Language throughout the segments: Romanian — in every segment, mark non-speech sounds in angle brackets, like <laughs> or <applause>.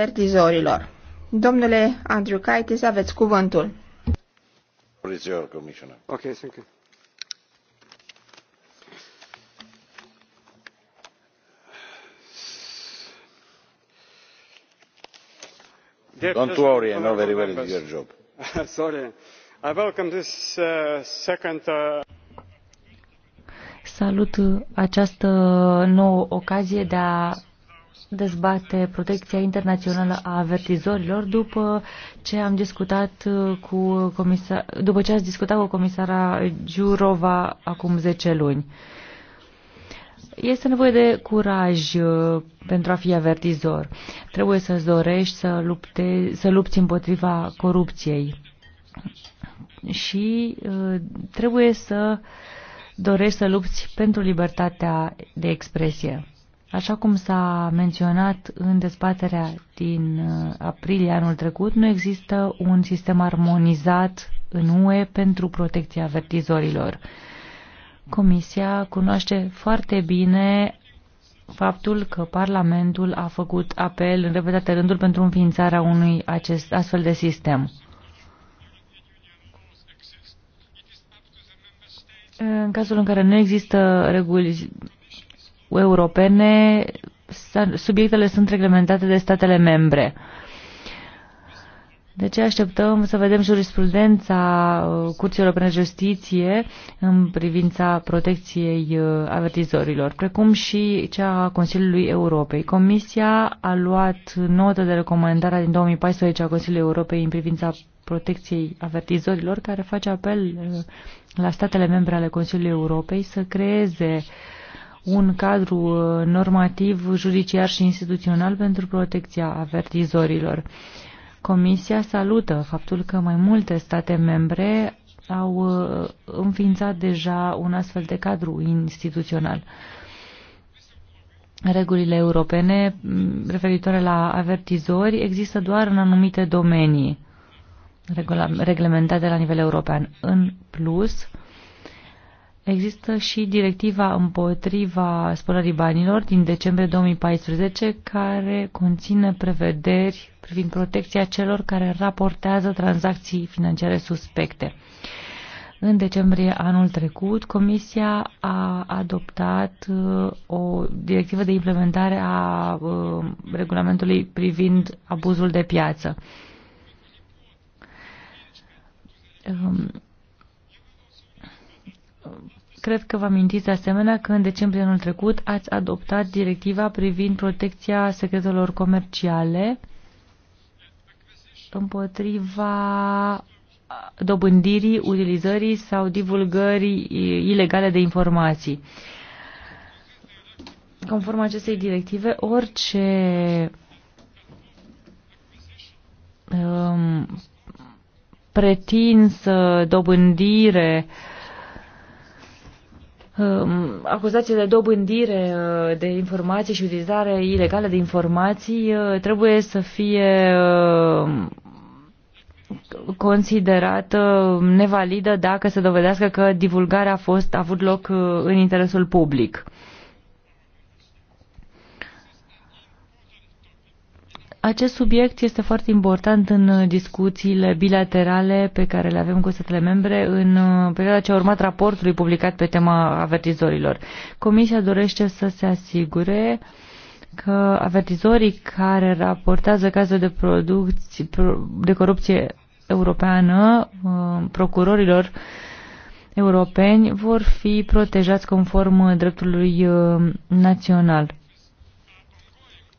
avertizorilor. Domnule Andrew Kaitis, aveți cuvântul. Okay, thank you. Don't worry, I know very well your job. <laughs> Sorry. I welcome this uh, second uh salut uh, această nouă ocazie de a dezbate protecția internațională a avertizorilor după ce am discutat uh, cu comisar, după ce ați discutat cu comisara Giurova acum 10 luni. Este nevoie de curaj uh, pentru a fi avertizor. Trebuie să-ți dorești să, lupte, să lupți împotriva corupției și uh, trebuie să dorești să lupți pentru libertatea de expresie. Așa cum s-a menționat în dezbaterea din uh, aprilie anul trecut, nu există un sistem armonizat în UE pentru protecția avertizorilor. Comisia cunoaște foarte bine faptul că Parlamentul a făcut apel în repetate rândul pentru înființarea unui acest astfel de sistem. În cazul în care nu există reguli europene, subiectele sunt reglementate de statele membre. De ce așteptăm să vedem jurisprudența uh, Curții Europene de Justiție în privința protecției uh, avertizorilor, precum și cea a Consiliului Europei. Comisia a luat notă de recomandare din 2014 a Consiliului Europei în privința protecției avertizorilor, care face apel uh, la statele membre ale Consiliului Europei să creeze uh, un cadru uh, normativ, judiciar și instituțional pentru protecția avertizorilor. Comisia salută faptul că mai multe state membre au uh, înființat deja un astfel de cadru instituțional. Regulile europene mm, referitoare la avertizori există doar în anumite domenii reglementate la nivel european. În plus, uh, Există și directiva împotriva spălării banilor din decembrie 2014 care conține prevederi privind protecția celor care raportează tranzacții financiare suspecte. În decembrie anul trecut, Comisia a adoptat uh, o directivă de implementare a uh, regulamentului privind abuzul de piață um, Cred că vă amintiți de asemenea că în decembrie anul trecut ați adoptat directiva privind protecția secretelor comerciale împotriva dobândirii, utilizării sau divulgării ilegale de informații. Conform acestei directive, orice um, pretinsă dobândire uh, Um, acuzațiile de dobândire uh, de informații și utilizare ilegală de informații uh, trebuie să fie uh, considerată nevalidă dacă se dovedească că divulgarea a fost a avut loc în interesul public. Acest subiect este foarte important în uh, discuțiile bilaterale pe care le avem cu statele membre în uh, perioada ce a urmat raportului publicat pe tema avertizorilor. Comisia dorește să se asigure că avertizorii care raportează cazuri de, de corupție europeană uh, procurorilor europeni vor fi protejați conform dreptului național.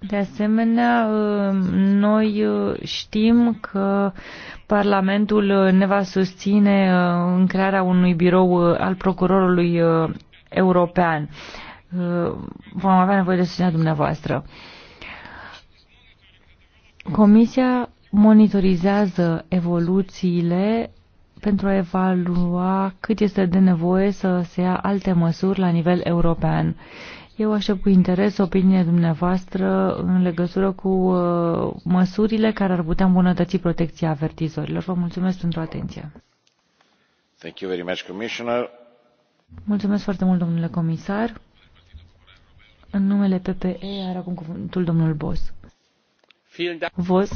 De asemenea, uh, noi uh, știm că Parlamentul uh, ne va susține în crearea unui birou al procurorului european. Vom avea nevoie de susținerea dumneavoastră. Comisia monitorizează evoluțiile pentru a evalua cât este de nevoie să se ia alte măsuri la nivel european eu aștept cu interes opinia dumneavoastră în legătură cu uh, măsurile care ar putea îmbunătăți protecția avertizorilor. Vă mulțumesc pentru atenție. Thank you very much, Commissioner. Mulțumesc foarte mult, domnule comisar. În numele PPE are acum cuvântul domnul Bos. Vos.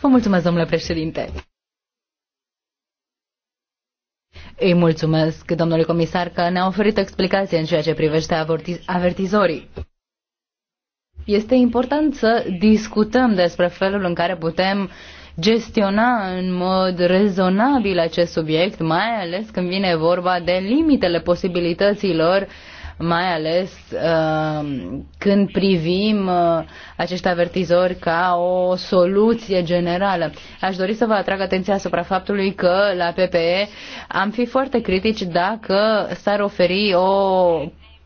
Vă mulțumesc, domnule președinte. Îi mulțumesc, domnule comisar, că ne-a oferit explicație în ceea ce privește avertiz avertizorii. Este important să discutăm despre felul în care putem gestiona în mod rezonabil acest subiect, mai ales când vine vorba de limitele posibilităților mai ales uh, când privim uh, acești avertizori ca o soluție generală. Aș dori să vă atrag atenția asupra faptului că la PPE am fi foarte critici dacă s-ar oferi o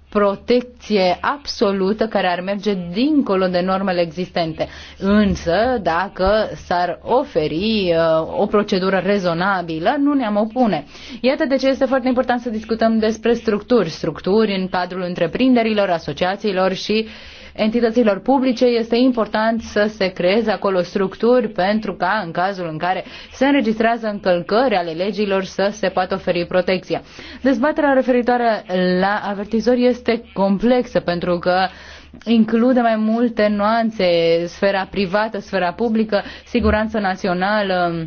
protecție absolută care ar merge dincolo de normele existente. Însă, dacă s-ar oferi uh, o procedură rezonabilă, nu ne-am opune. Iată de ce este foarte important să discutăm despre structuri, structuri în cadrul întreprinderilor, asociațiilor și uh, entităților publice, este important să se creeze acolo structuri pentru ca, în cazul în care se înregistrează încălcări ale legilor, să se poată oferi protecția. Dezbaterea referitoare la avertizori este complexă pentru că include mai multe nuanțe, sfera privată, sfera publică, siguranță națională,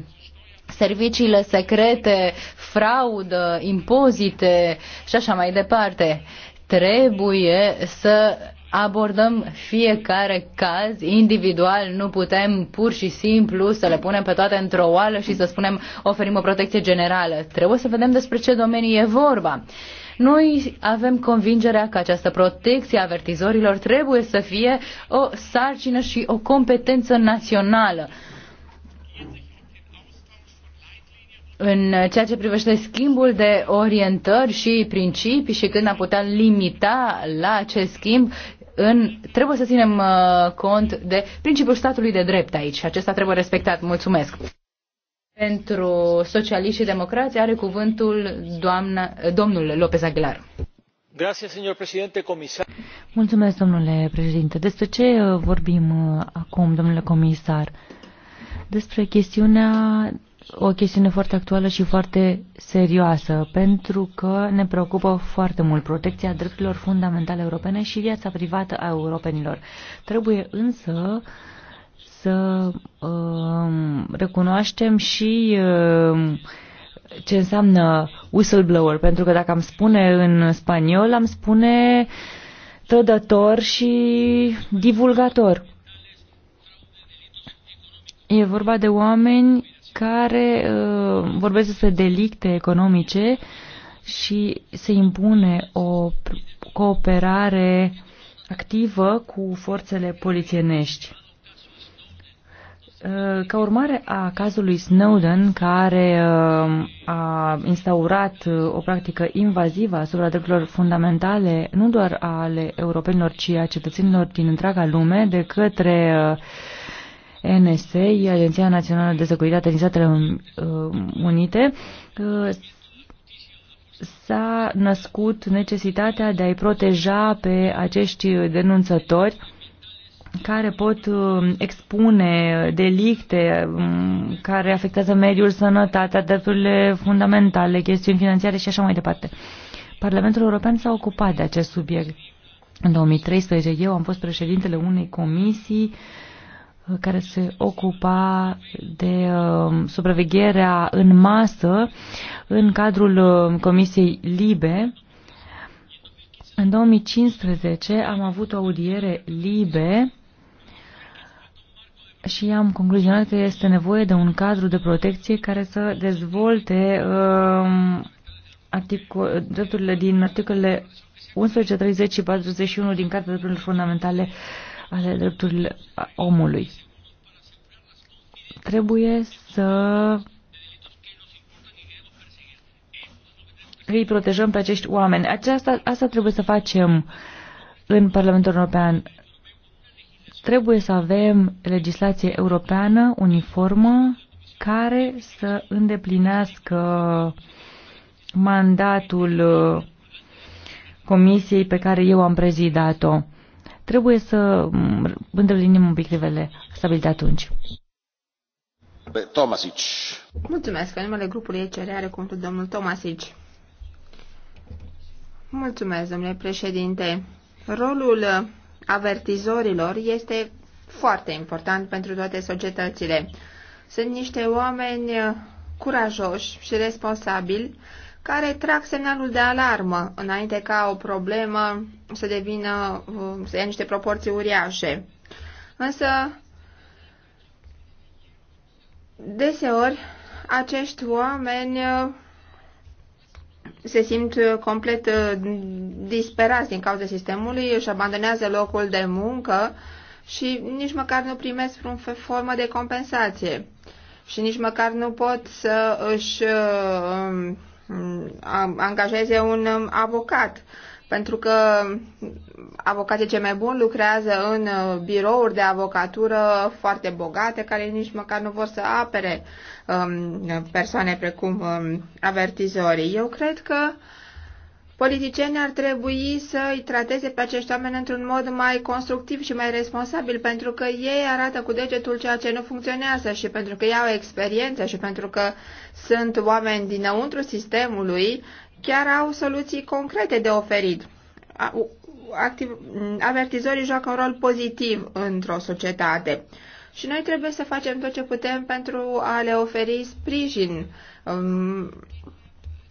serviciile secrete, fraudă, impozite și așa mai departe. Trebuie să abordăm fiecare caz individual, nu putem pur și simplu să le punem pe toate într-o oală și să spunem oferim o protecție generală. Trebuie să vedem despre ce domenii e vorba. Noi avem convingerea că această protecție a avertizorilor trebuie să fie o sarcină și o competență națională. în ceea ce privește schimbul de orientări și principii și când am putea limita la acest schimb, în, trebuie să ținem uh, cont de principiul statului de drept aici acesta trebuie respectat. Mulțumesc! Pentru socialiști și democrați are cuvântul doamna, domnul López Aguilar. comisar. Mulțumesc, domnule președinte. Despre ce uh, vorbim uh, acum, domnule comisar? Despre chestiunea o chestiune foarte actuală și foarte serioasă, pentru că ne preocupă foarte mult protecția drepturilor fundamentale europene și viața privată a europenilor. Trebuie însă să uh, recunoaștem și uh, ce înseamnă whistleblower, pentru că dacă am spune în spaniol, am spune trădător și divulgator. E vorba de oameni care uh, vorbesc despre delicte economice și se impune o cooperare activă cu forțele polițienești. Uh, ca urmare a cazului Snowden, care uh, a instaurat uh, o practică invazivă asupra drepturilor fundamentale, nu doar ale europenilor, ci a cetățenilor din întreaga lume, de către uh, NSA, Agenția Națională de Securitate din Statele uh, Unite, s-a născut necesitatea de a-i proteja pe acești denunțători care pot uh, expune delicte um, care afectează mediul, sănătatea, drepturile fundamentale, chestiuni financiare și așa mai departe. Parlamentul European s-a ocupat de acest subiect. În 2013 eu am fost președintele unei comisii uh, care se ocupa de um, supravegherea în masă în cadrul um, Comisiei Libe. În 2015 am avut o audiere Libe și am concluzionat că este nevoie de un cadru de protecție care să dezvolte uh, um, articol, drepturile din articolele 11, 30 și 41 din Carta Drepturilor Fundamentale uh, ale drepturilor omului. Trebuie să îi protejăm pe acești oameni. Aceasta, asta trebuie să facem în Parlamentul European. Trebuie să avem legislație europeană uniformă care să îndeplinească mandatul uh, Comisiei pe care eu am prezidat-o. Trebuie să mm, îndeplinim obiectivele stabilite atunci. Tomasici. Mulțumesc. În numele grupului ECR are cuvântul domnul Tomasici. Mulțumesc, domnule președinte. Rolul avertizorilor este foarte important pentru toate societățile. Sunt niște oameni curajoși și responsabili care trag semnalul de alarmă înainte ca o problemă să devină, uh, să ia niște proporții uriașe. Însă, deseori, acești oameni uh, se simt uh, complet disperați din cauza sistemului, își abandonează locul de muncă și nici măcar nu primesc vreo formă de compensație și nici măcar nu pot să își angajeze un um, avocat, pentru că avocații cei mai buni lucrează în uh, birouri de avocatură foarte bogate, care nici măcar nu vor să apere um, persoane precum um, avertizorii. Eu cred că uh, Politicienii ar trebui să îi trateze pe acești oameni într-un mod mai constructiv și mai responsabil, pentru că ei arată cu degetul ceea ce nu funcționează și pentru că ei au experiență și pentru că sunt oameni dinăuntru sistemului, chiar au soluții concrete de oferit. Activ, avertizorii joacă un rol pozitiv într-o societate și noi trebuie să facem tot ce putem pentru a le oferi sprijin um,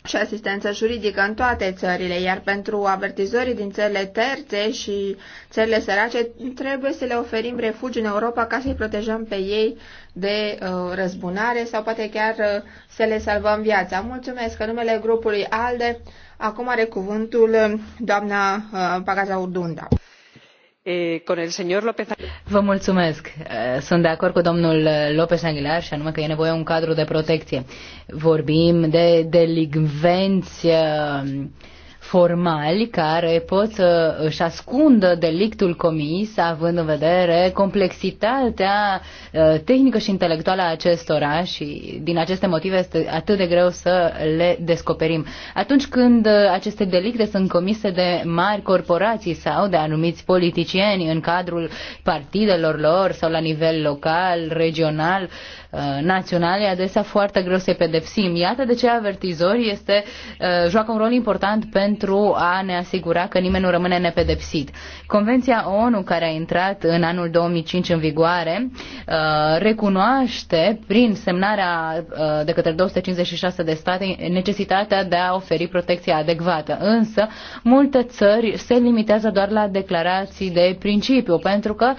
și asistență juridică în toate țările, iar pentru avertizorii din țările terțe și țările sărace trebuie să le oferim refugiu în Europa ca să-i protejăm pe ei de uh, răzbunare sau poate chiar uh, să le salvăm viața. Mulțumesc că numele grupului ALDE. Acum are cuvântul uh, doamna uh, Pagaza Urdunda. Eh, Vă mulțumesc. Eh, sunt de acord cu domnul eh, López Aguilar și anume că e nevoie un cadru de protecție. Vorbim de delinvenți formali care pot să își ascundă delictul comis, având în vedere complexitatea uh, tehnică și intelectuală a acestora și din aceste motive este atât de greu să le descoperim. Atunci când uh, aceste delicte sunt comise de mari corporații sau de anumiți politicieni în cadrul partidelor lor sau la nivel local, regional, Uh, naționale, adesea foarte greu să-i pedepsim. Iată de ce avertizori este, uh, joacă un rol important pentru a ne asigura că nimeni nu rămâne nepedepsit. Convenția ONU, care a intrat în anul 2005 în vigoare, uh, recunoaște prin semnarea de către 256 de state necesitatea de a oferi protecția adecvată. Însă, multe țări se limitează doar la declarații de principiu, pentru că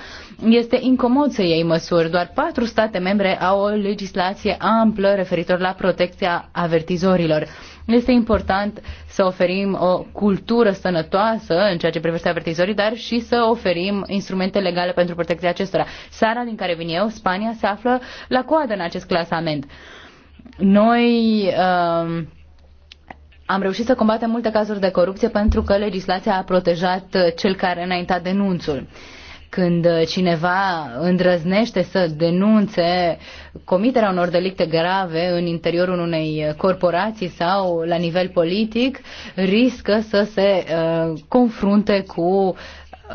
este incomod să iei măsuri. Doar patru state membre au o legislație amplă referitor la protecția avertizorilor. Este important să oferim o cultură sănătoasă în ceea ce privește avertizorii, dar și să oferim instrumente legale pentru protecția acestora. Sara din care vin eu, Spania, se află la coadă în acest clasament. Noi um, am reușit să combatem multe cazuri de corupție pentru că legislația a protejat cel care înainta denunțul. Uh, când uh, cineva îndrăznește să denunțe comiterea unor delicte grave în interiorul unei uh, corporații sau la nivel politic, riscă să se uh, confrunte cu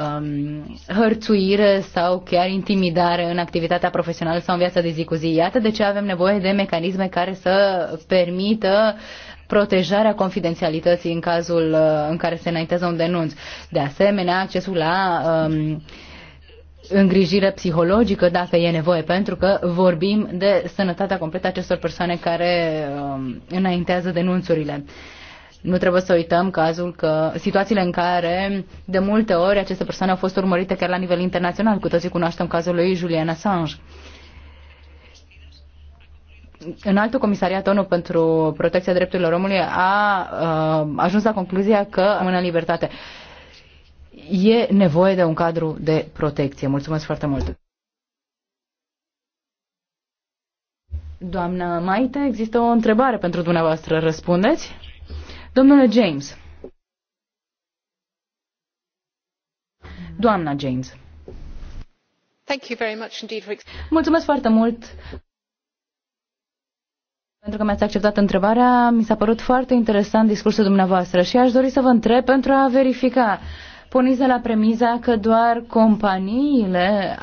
um, hărțuire sau chiar intimidare în activitatea profesională sau în viața de zi cu zi. Iată de ce avem nevoie de mecanisme care să permită protejarea confidențialității în cazul uh, în care se înaintează un denunț. De asemenea, accesul la um, îngrijire psihologică dacă e nevoie, pentru că vorbim de sănătatea completă a acestor persoane care um, înaintează denunțurile. Nu trebuie să uităm cazul că situațiile în care de multe ori aceste persoane au fost urmărite chiar la nivel internațional, cu toții cunoaștem cazul lui Julian Assange. În altul comisariat ONU pentru protecția drepturilor omului a, a uh, ajuns la concluzia că în libertate e nevoie de un cadru de protecție. Mulțumesc foarte mult! Doamna Maite, există o întrebare pentru dumneavoastră. Răspundeți? Domnule James. Doamna James. Thank you very much indeed for... Mulțumesc foarte mult pentru că mi-ați acceptat întrebarea. Mi s-a părut foarte interesant discursul dumneavoastră și aș dori să vă întreb pentru a verifica. Uh, porniți de la premiza că doar companiile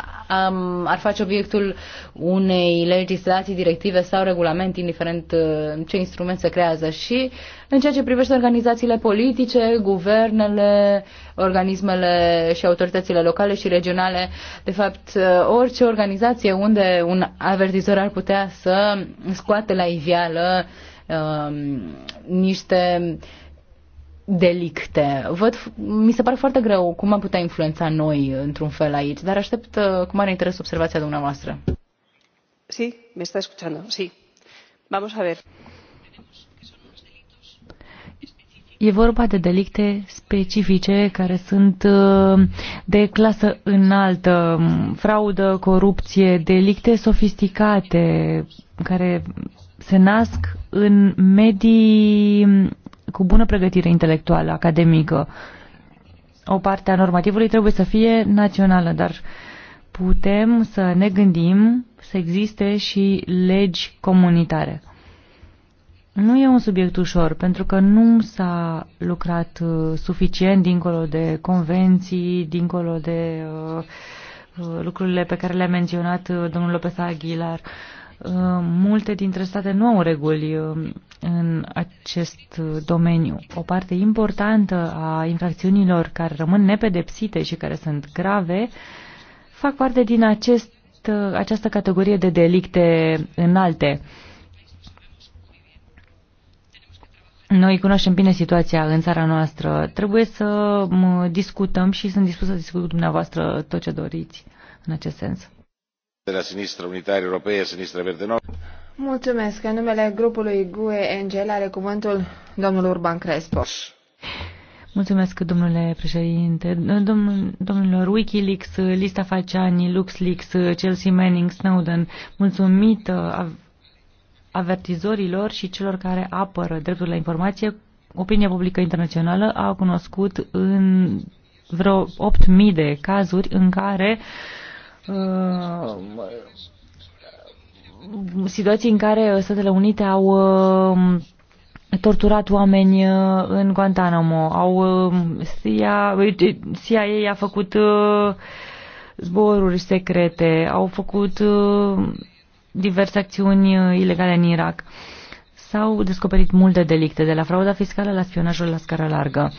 um, ar face obiectul unei legislații, directive sau regulament, indiferent uh, ce instrument se creează. Și în ceea ce privește organizațiile politice, guvernele, organismele și autoritățile locale și regionale, de fapt, uh, orice organizație unde un avertizor ar putea să scoate la iveală uh, niște uh, delicte. Văd, mi se pare foarte greu cum am putea influența noi într-un fel aici, dar aștept uh, cu mare interes observația dumneavoastră. Sí, me está escuchando, sí. Vamos a ver. E vorba de delicte specifice care sunt uh, de clasă înaltă, fraudă, corupție, delicte sofisticate care se nasc în medii cu bună pregătire intelectuală, academică. O parte a normativului trebuie să fie națională, dar putem să ne gândim să existe și legi comunitare. Nu e un subiect ușor, pentru că nu s-a lucrat uh, suficient dincolo de convenții, dincolo de uh, uh lucrurile pe care le-a menționat uh, domnul Lopez Aguilar. Uh, Uh, multe dintre state nu au reguli uh, în acest domeniu. O parte importantă a infracțiunilor care rămân nepedepsite și care sunt grave fac parte din acest, uh, această categorie de delicte înalte. Noi cunoaștem bine situația în țara noastră. Trebuie să discutăm și sunt dispus să discut cu dumneavoastră tot ce doriți în acest sens de la Sinistra Unitară Europeană, Sinistra Verde Nord. Mulțumesc. În numele grupului GUE Engel are cuvântul domnul Urban Crespo. Mulțumesc, domnule președinte. Domnul, domnilor, Wikileaks, Lista Faciani, LuxLeaks, Chelsea Manning, Snowden, Mulțumit avertizorilor și celor care apără dreptul la informație, opinia publică internațională a cunoscut în vreo 8.000 de cazuri în care Uh, situații în care Statele Unite au uh, torturat oameni uh, în Guantanamo. Au, CIA, CIA a făcut zboruri secrete, au făcut diverse acțiuni ilegale în Irak. S-au descoperit multe delicte, de la frauda fiscală la spionajul la scară largă. Uh,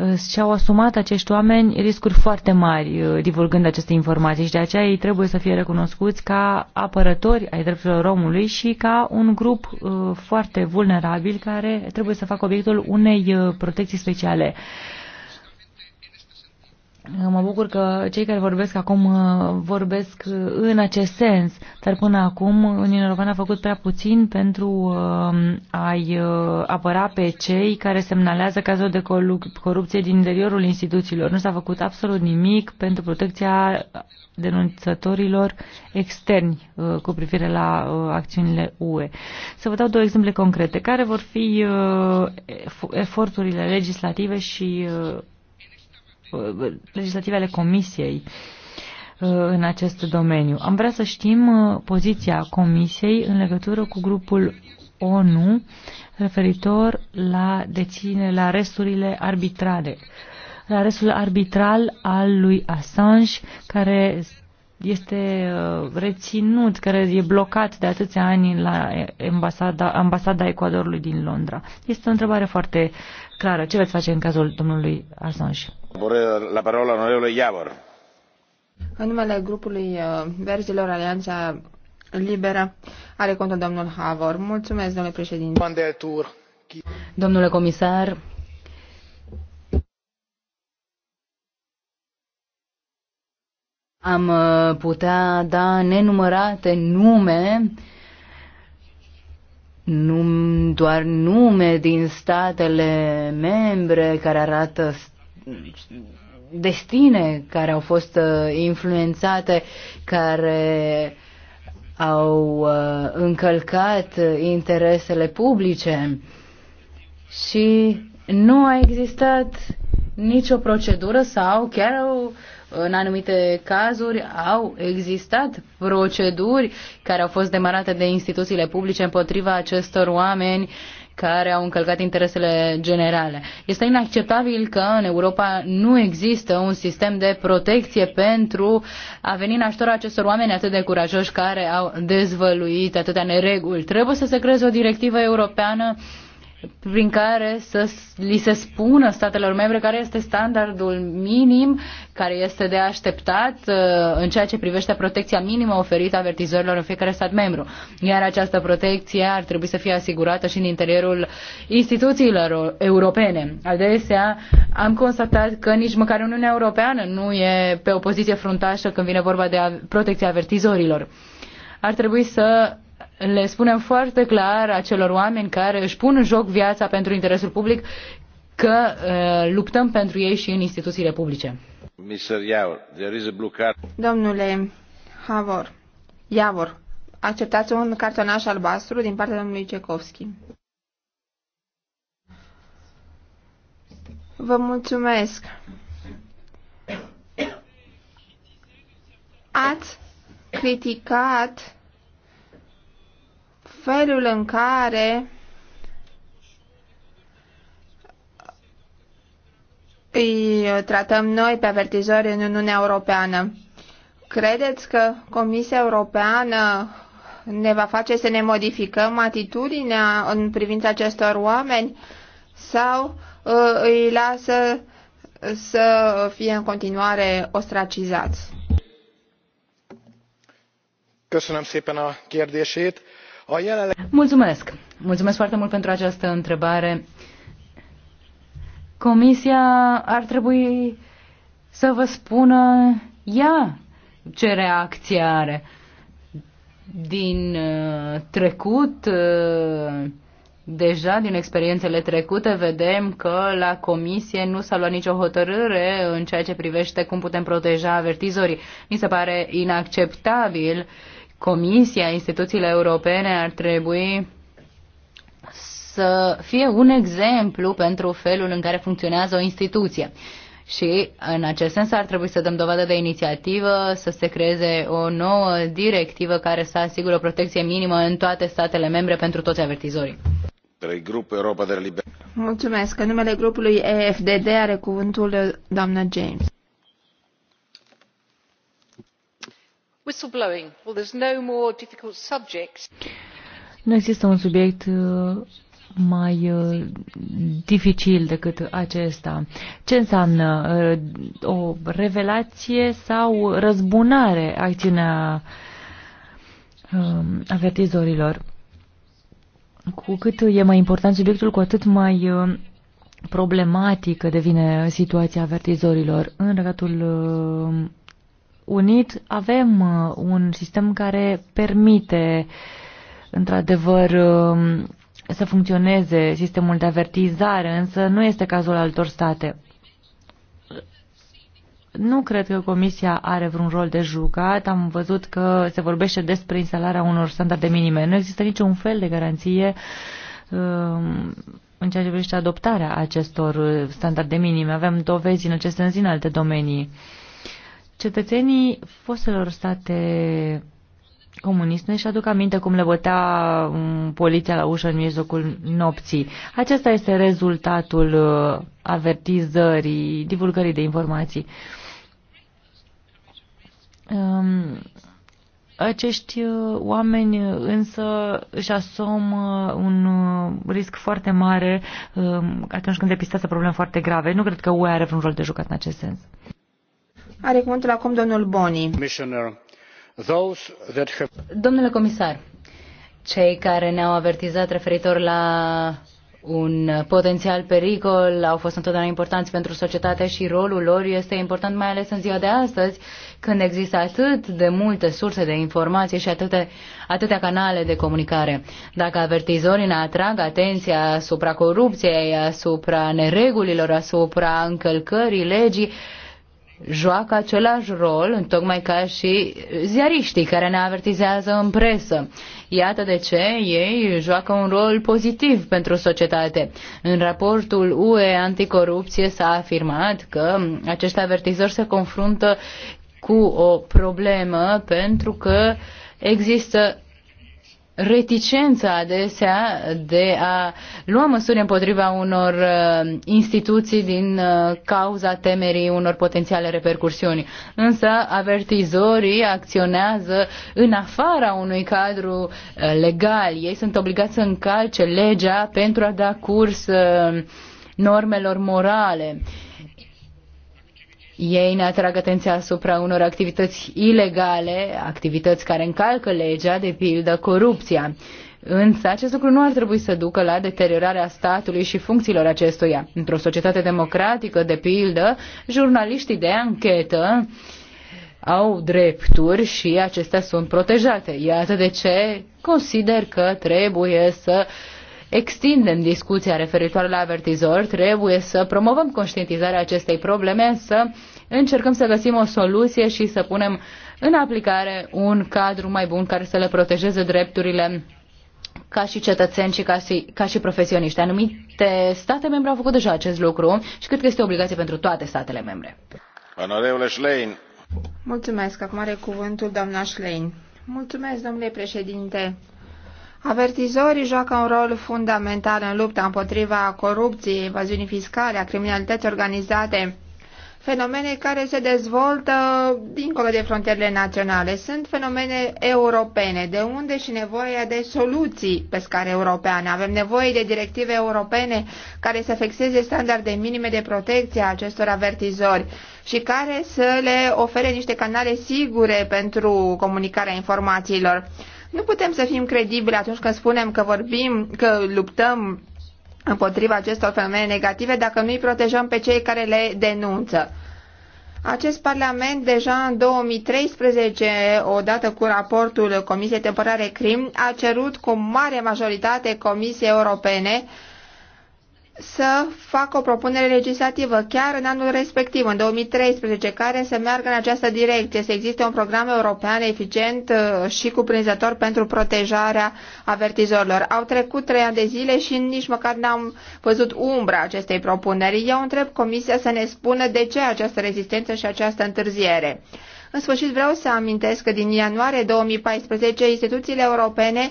Uh, și-au asumat acești oameni riscuri foarte mari uh, divulgând aceste informații și de aceea ei trebuie să fie recunoscuți ca apărători ai drepturilor omului și ca un grup uh, foarte vulnerabil care trebuie să facă obiectul unei protecții speciale. Mă bucur că cei care vorbesc acum uh, vorbesc uh, în acest sens, dar până acum Uniunea Europeană a făcut prea puțin pentru uh, a-i apăra pe cei care semnalează cazuri de corupție din interiorul instituțiilor. Nu s-a făcut absolut nimic pentru protecția denunțătorilor externi cu privire la acțiunile UE. Să vă dau două exemple concrete. Care vor fi eforturile legislative și Uh, legislative ale Comisiei uh, în acest domeniu. Am vrea să știm uh, poziția Comisiei în legătură cu grupul ONU referitor la deține, la resturile arbitrare, la restul arbitral al lui Assange, care este uh, reținut, care e blocat de atâția ani la ambasada, ambasada Ecuadorului din Londra. Este o întrebare foarte clară. Ce veți face în cazul domnului Assange? Uh, la parola onorevole Iavor. În numele grupului uh, Verzilor Alianța Liberă are contul domnul Havor. Mulțumesc, domnule președinte. Domnule comisar, Am uh, putea da nenumărate nume, num, doar nume din statele membre care arată destine care au fost uh, influențate, care au uh, încălcat interesele publice și nu a existat nicio procedură sau chiar o, în anumite cazuri au existat proceduri care au fost demarate de instituțiile publice împotriva acestor oameni care au încălcat interesele generale. Este inacceptabil că în Europa nu există un sistem de protecție pentru a veni în ajutorul acestor oameni atât de curajoși care au dezvăluit atâtea nereguli. Trebuie să se creeze o directivă europeană uh, prin care să li se spună statelor membre care este standardul minim care este de așteptat uh, în ceea ce privește protecția minimă oferită avertizorilor în fiecare stat membru. Iar această protecție ar trebui să fie asigurată și în interiorul instituțiilor europene. Adesea am constatat că nici măcar Uniunea Europeană nu e pe o poziție fruntașă când vine vorba de protecția avertizorilor. Ar trebui să le spunem foarte clar acelor oameni care își pun în joc viața pentru interesul public că uh, luptăm pentru ei și în instituțiile publice. Domnule Havor, Iavor, acceptați un cartonaș albastru din partea domnului Cecovski. Vă mulțumesc. Ați criticat felul în care îi tratăm noi pe avertizori în Uniunea Europeană. Credeți că Comisia Europeană ne va face să ne modificăm atitudinea în privința acestor oameni sau uh, îi lasă să fie în continuare ostracizați? Köszönöm szépen a kérdését. Mulțumesc! Mulțumesc foarte mult pentru această întrebare. Comisia ar trebui să vă spună ea ce reacție are. Din uh, trecut, uh, deja din experiențele trecute, vedem că la comisie nu s-a luat nicio hotărâre în ceea ce privește cum putem proteja avertizorii. Mi se pare inacceptabil uh, Comisia, instituțiile europene ar trebui să fie un exemplu pentru felul în care funcționează o instituție. Și în acest sens ar trebui să dăm dovadă de inițiativă, să se creeze o nouă directivă care să asigure o protecție minimă în toate statele membre pentru toți avertizorii. Mulțumesc. În numele grupului EFDD are cuvântul doamna James. Nu există un subiect uh, mai uh, dificil decât acesta. Ce înseamnă uh, o revelație sau răzbunare acțiunea um, avertizorilor? Cu cât e mai important subiectul, cu atât mai problematică devine situația avertizorilor. În regatul Unit avem uh, un sistem care permite într-adevăr um, să funcționeze sistemul de avertizare, însă nu este cazul altor state. Nu cred că Comisia are vreun rol de jucat. Am văzut că se vorbește despre instalarea unor standarde minime. Nu există niciun fel de garanție um, în ceea ce privește adoptarea acestor standarde minime. Avem dovezi în acest sens în alte domenii. Cetățenii fostelor state comuniste și aduc aminte cum le bătea um, poliția la ușă în mijlocul nopții. Acesta este rezultatul uh, avertizării, divulgării de informații. Um, acești uh, oameni uh, însă își asomă un risc foarte mare um, atunci când depistează probleme foarte grave. Nu cred că UE are vreun rol de jucat în acest sens. Are cuvântul acum domnul Boni. Domnule comisar, cei care ne-au avertizat referitor la un potențial pericol, au fost întotdeauna importanți pentru societate și rolul lor este important mai ales în ziua de astăzi, când există atât de multe surse de informație și atâte, atâtea canale de comunicare. Dacă avertizorii ne atrag atenția asupra corupției, asupra neregulilor, asupra încălcării legii, joacă același rol, în tocmai ca și ziariștii care ne avertizează în presă. Iată de ce ei joacă un rol pozitiv pentru societate. În raportul UE anticorupție s-a afirmat că acești avertizori se confruntă cu o problemă pentru că există reticența adesea de a lua măsuri împotriva unor uh, instituții din uh, cauza temerii unor potențiale repercursiuni. Însă avertizorii acționează în afara unui cadru uh, legal. Ei sunt obligați să încalce legea pentru a da curs normelor morale. Uh, ei ne atrag atenția asupra unor activități ilegale, activități care încalcă legea, de pildă corupția. Însă acest lucru nu ar trebui să ducă la deteriorarea statului și funcțiilor acestuia. Într-o societate democratică, de pildă, jurnaliștii de anchetă au drepturi și acestea sunt protejate. Iată de ce consider că trebuie să extindem discuția referitoare la avertizor, trebuie să promovăm conștientizarea acestei probleme, să încercăm să găsim o soluție și să punem în aplicare un cadru mai bun care să le protejeze drepturile ca și cetățeni și ca și, ca și profesioniști. Anumite state membre au făcut deja acest lucru și cred că este o obligație pentru toate statele membre. Schlein. Mulțumesc. Acum are cuvântul doamna Schlein. Mulțumesc, domnule președinte. Avertizorii joacă un rol fundamental în lupta împotriva corupției, evaziunii fiscale, a criminalității organizate, fenomene care se dezvoltă dincolo de frontierele naționale. Sunt fenomene europene, de unde și nevoia de soluții pe scară europeană. Avem nevoie de directive europene care să fixeze standarde minime de protecție a acestor avertizori și care să le ofere niște canale sigure pentru comunicarea informațiilor. Nu putem să fim credibili atunci când spunem că vorbim, că luptăm împotriva acestor fenomene negative dacă nu îi protejăm pe cei care le denunță. Acest Parlament deja în 2013, odată cu raportul Comisiei Temporare Crim, a cerut cu mare majoritate Comisiei Europene să facă o propunere legislativă chiar în anul respectiv, în 2013, care să meargă în această direcție, să existe un program european eficient uh, și cuprinzător pentru protejarea avertizorilor. Au trecut trei ani de zile și nici măcar n-am văzut umbra acestei propuneri. Eu întreb Comisia să ne spună de ce această rezistență și această întârziere. În sfârșit vreau să amintesc că din ianuarie 2014 instituțiile europene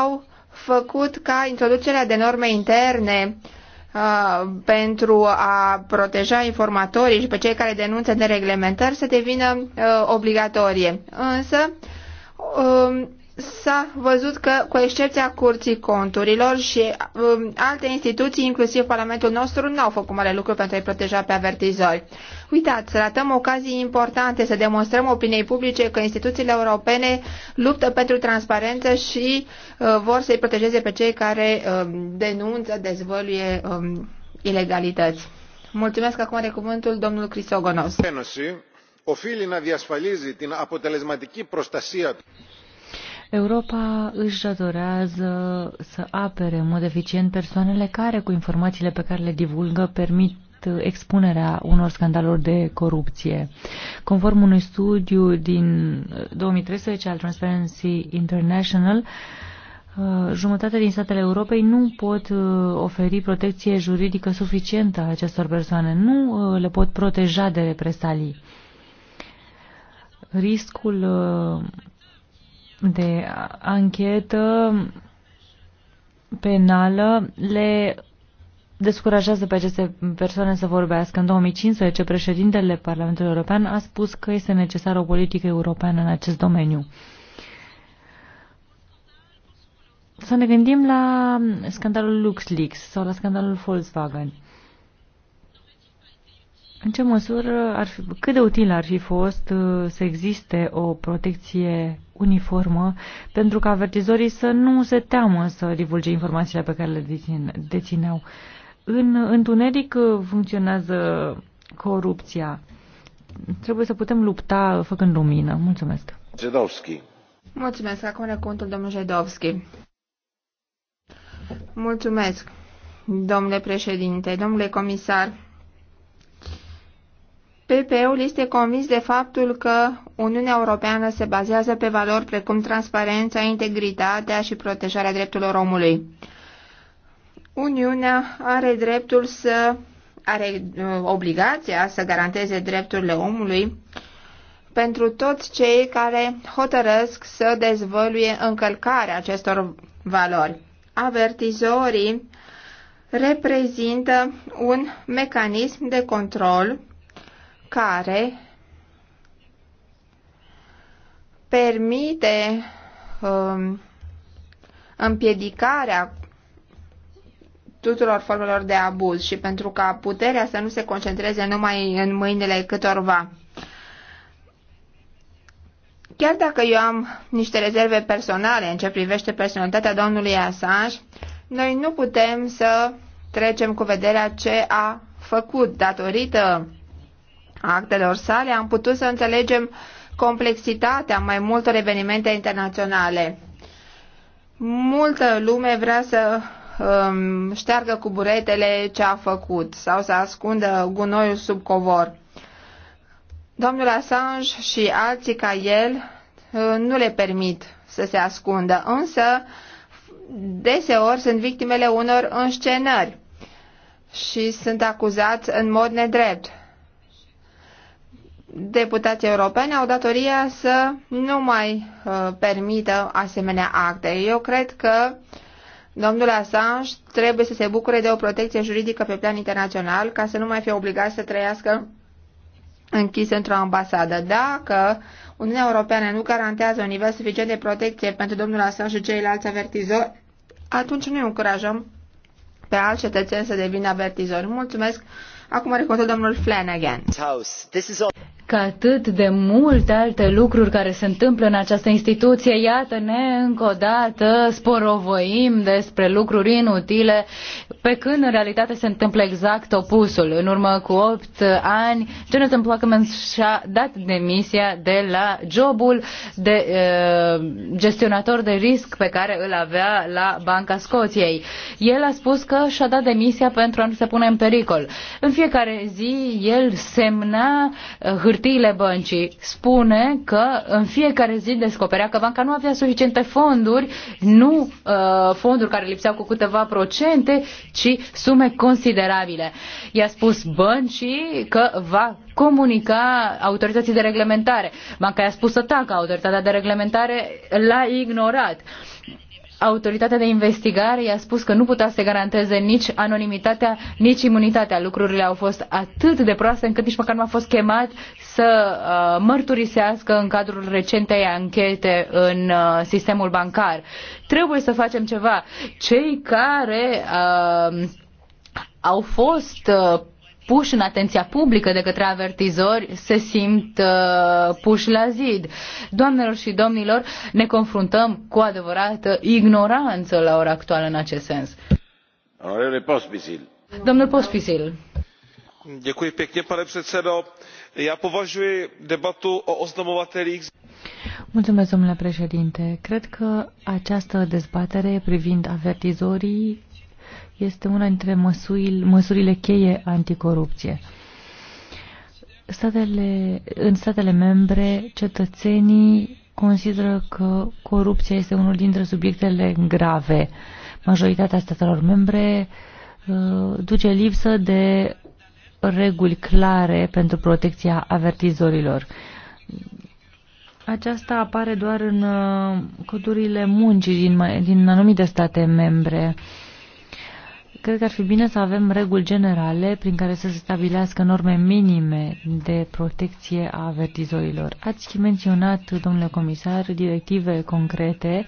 au făcut ca introducerea de norme interne uh, Uh, pentru a proteja informatorii și pe cei care denunță nereglementări să devină uh, obligatorie. Însă, um, s-a văzut că, cu excepția Curții Conturilor și um, alte instituții, inclusiv Parlamentul nostru, nu au făcut mare lucru pentru a-i proteja pe avertizori. Uitați, ratăm ocazii importante să demonstrăm opiniei publice că instituțiile europene luptă pentru transparență și uh, vor să-i protejeze pe cei care uh, denunță, dezvăluie um, ilegalități. Mulțumesc acum de cuvântul domnul Crisogonos. Οφείλει να διασφαλίζει την αποτελεσματική προστασία Europa își datorează să apere în mod eficient persoanele care, cu informațiile pe care le divulgă, permit expunerea unor scandaluri de corupție. Conform unui studiu din 2013 al Transparency International, uh, jumătate din statele Europei nu pot uh, oferi protecție juridică suficientă a acestor persoane, nu uh, le pot proteja de represalii. Riscul de anchetă penală le descurajează pe aceste persoane să vorbească. În 2015, președintele Parlamentului European a spus că este necesară o politică europeană în acest domeniu. Să ne gândim la scandalul LuxLeaks sau la scandalul Volkswagen. În ce măsură ar fi, cât de util ar fi fost uh, să existe o protecție uniformă pentru ca avertizorii să nu se teamă să divulge informațiile pe care le dețineau? În întuneric uh, funcționează corupția. Trebuie să putem lupta făcând lumină. Mulțumesc. Zedovski. Mulțumesc. Acum recuntul domnul Zedovski. Mulțumesc, domnule președinte, domnule comisar. PP-ul este convins de faptul că Uniunea Europeană se bazează pe valori precum transparența, integritatea și protejarea drepturilor omului. Uniunea are dreptul să are uh, obligația să garanteze drepturile omului pentru toți cei care hotărăsc să dezvăluie încălcarea acestor valori. Avertizorii reprezintă un mecanism de control care permite um, împiedicarea tuturor formelor de abuz și pentru ca puterea să nu se concentreze numai în mâinile câtorva. Chiar dacă eu am niște rezerve personale în ce privește personalitatea domnului Assange, noi nu putem să trecem cu vederea ce a făcut datorită actelor sale am putut să înțelegem complexitatea mai multor evenimente internaționale. Multă lume vrea să um, șteargă cu buretele ce a făcut sau să ascundă gunoiul sub covor. Domnul Assange și alții ca el uh, nu le permit să se ascundă, însă deseori sunt victimele unor înscenări și sunt acuzați în mod nedrept deputații europeni au datoria să nu mai uh, permită asemenea acte. Eu cred că domnul Assange trebuie să se bucure de o protecție juridică pe plan internațional ca să nu mai fie obligat să trăiască închis într-o ambasadă. Dacă Uniunea Europeană nu garantează un nivel suficient de protecție pentru domnul Assange și ceilalți avertizori, atunci nu încurajăm pe alți cetățeni să devină avertizori. Mulțumesc! Acum are domnul Flanagan că atât de multe alte lucruri care se întâmplă în această instituție, iată-ne încă o dată sporovăim despre lucruri inutile, pe când în realitate se întâmplă exact opusul. În urmă cu 8 ani, Jonathan Pluckerman și-a dat demisia de la jobul de uh, gestionator de risc pe care îl avea la Banca Scoției. El a spus că și-a dat demisia pentru a nu se pune în pericol. În fiecare zi, el semna uh, hârtiile băncii. Spune că în fiecare zi descoperea că banca nu avea suficiente fonduri, nu uh, fonduri care lipseau cu câteva procente, ci sume considerabile. I-a spus băncii că va comunica autorității de reglementare. Banca i-a spus să tacă, autoritatea de reglementare l-a ignorat autoritatea de investigare i-a spus că nu putea să garanteze nici anonimitatea, nici imunitatea. Lucrurile au fost atât de proaste încât nici măcar nu a fost chemat să uh, mărturisească în cadrul recentei anchete în uh, sistemul bancar. Trebuie să facem ceva. Cei care uh, au fost uh, puși în atenția publică de către avertizori se simt uh, puși la zid. Doamnelor și domnilor, ne confruntăm cu adevărată ignoranță la ora actuală în acest sens. Onorele Pospisil. Domnul Pospisil. Děkuji pěkně, pane předsedo. Já považuji debatu o oznamovatelích Mulțumesc, domnule președinte. Cred că această dezbatere privind avertizorii este una dintre măsurile, măsurile cheie anticorupție. Statele, în statele membre, cetățenii consideră că corupția este unul dintre subiectele grave. Majoritatea statelor membre uh, duce lipsă de reguli clare pentru protecția avertizorilor. Aceasta apare doar în uh, codurile muncii din, din anumite state membre. Uh, Cred că ar fi bine să avem reguli generale prin care să se stabilească norme minime de protecție a avertizorilor. Ați menționat, domnule comisar, directive concrete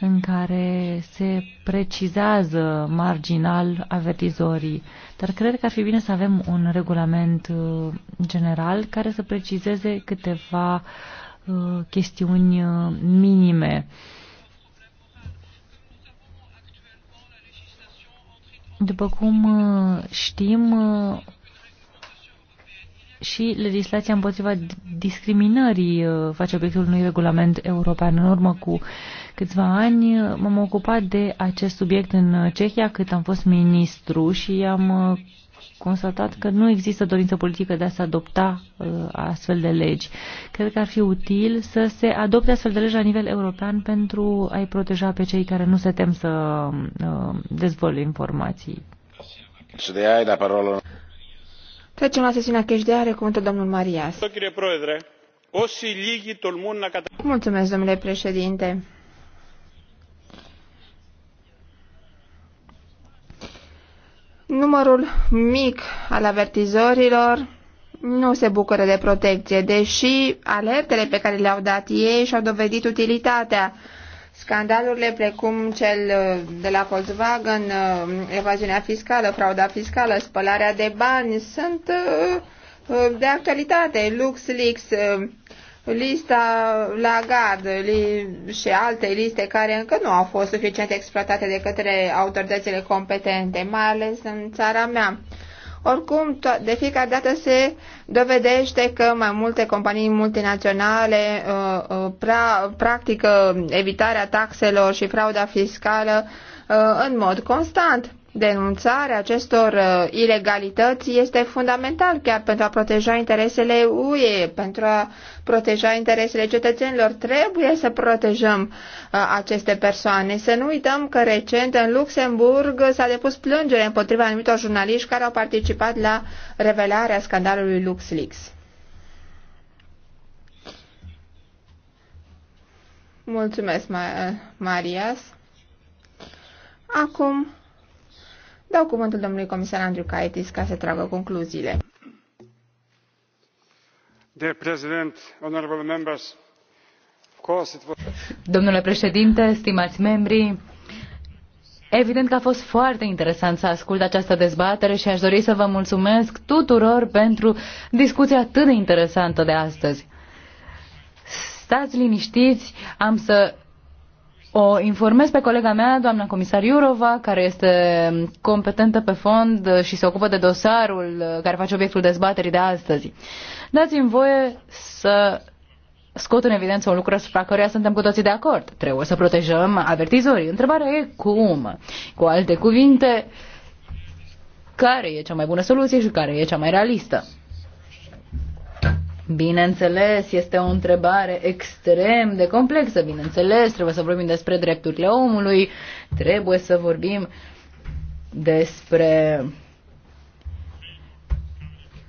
în care se precizează marginal avertizorii. Dar cred că ar fi bine să avem un regulament uh, general care să precizeze câteva uh, chestiuni uh, minime După cum uh, știm, uh, și legislația împotriva discriminării uh, face obiectul unui regulament european. În urmă cu câțiva ani m-am ocupat de acest subiect în Cehia cât am fost ministru și am constatat că nu există dorință politică de a se adopta uh, astfel de legi. Cred că ar fi util să se adopte astfel de legi la nivel european pentru a-i proteja pe cei care nu se tem să uh, dezvolte informații. Trecem la sesiunea cash de are cuvântul domnul Marias. Mulțumesc, domnule președinte. Numărul mic al avertizorilor nu se bucură de protecție, deși alertele pe care le-au dat ei și-au dovedit utilitatea. Scandalurile precum cel uh, de la Volkswagen, uh, evaziunea fiscală, frauda fiscală, spălarea de bani sunt uh, de actualitate. LuxLeaks, lista Lagarde li și alte liste care încă nu au fost suficient exploatate de către autoritățile competente, mai ales în țara mea. Oricum, de fiecare dată se dovedește că mai multe companii multinaționale uh, uh, pra practică evitarea taxelor și frauda fiscală uh, în mod constant. Denunțarea acestor uh, ilegalități este fundamental chiar pentru a proteja interesele UE, pentru a proteja interesele cetățenilor. Trebuie să protejăm uh, aceste persoane. Să nu uităm că recent în Luxemburg s-a depus plângere împotriva anumitor jurnaliști care au participat la revelarea scandalului LuxLeaks. Mulțumesc, Marias. Acum Dau cuvântul domnului comisar Andrew Caetis ca să tragă concluziile. Dear President, honorable members, Domnule președinte, stimați membri, evident că a fost foarte interesant să ascult această dezbatere și aș dori să vă mulțumesc tuturor pentru discuția atât de interesantă de astăzi. Stați liniștiți, am să o informez pe colega mea, doamna comisar Iurova, care este competentă pe fond și se ocupă de dosarul care face obiectul dezbaterii de astăzi. Dați-mi voie să scot în evidență un lucru asupra căruia suntem cu toții de acord. Trebuie să protejăm avertizorii. Întrebarea e cum? Cu alte cuvinte, care e cea mai bună soluție și care e cea mai realistă? Bineînțeles, este o întrebare extrem de complexă, bineînțeles, trebuie să vorbim despre drepturile omului, trebuie să vorbim despre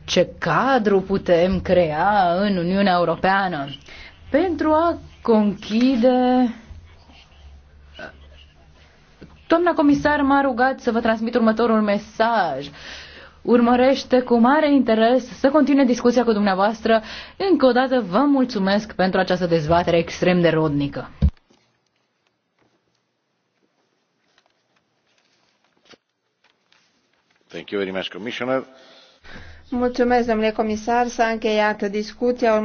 ce cadru putem crea în Uniunea Europeană pentru a conchide Doamna comisar m-a rugat să vă transmit următorul mesaj urmărește cu mare interes să continue discuția cu dumneavoastră. Încă o dată vă mulțumesc pentru această dezbatere extrem de rodnică. Thank you very much, Commissioner. Mulțumesc, domnule comisar. S-a încheiat discuția.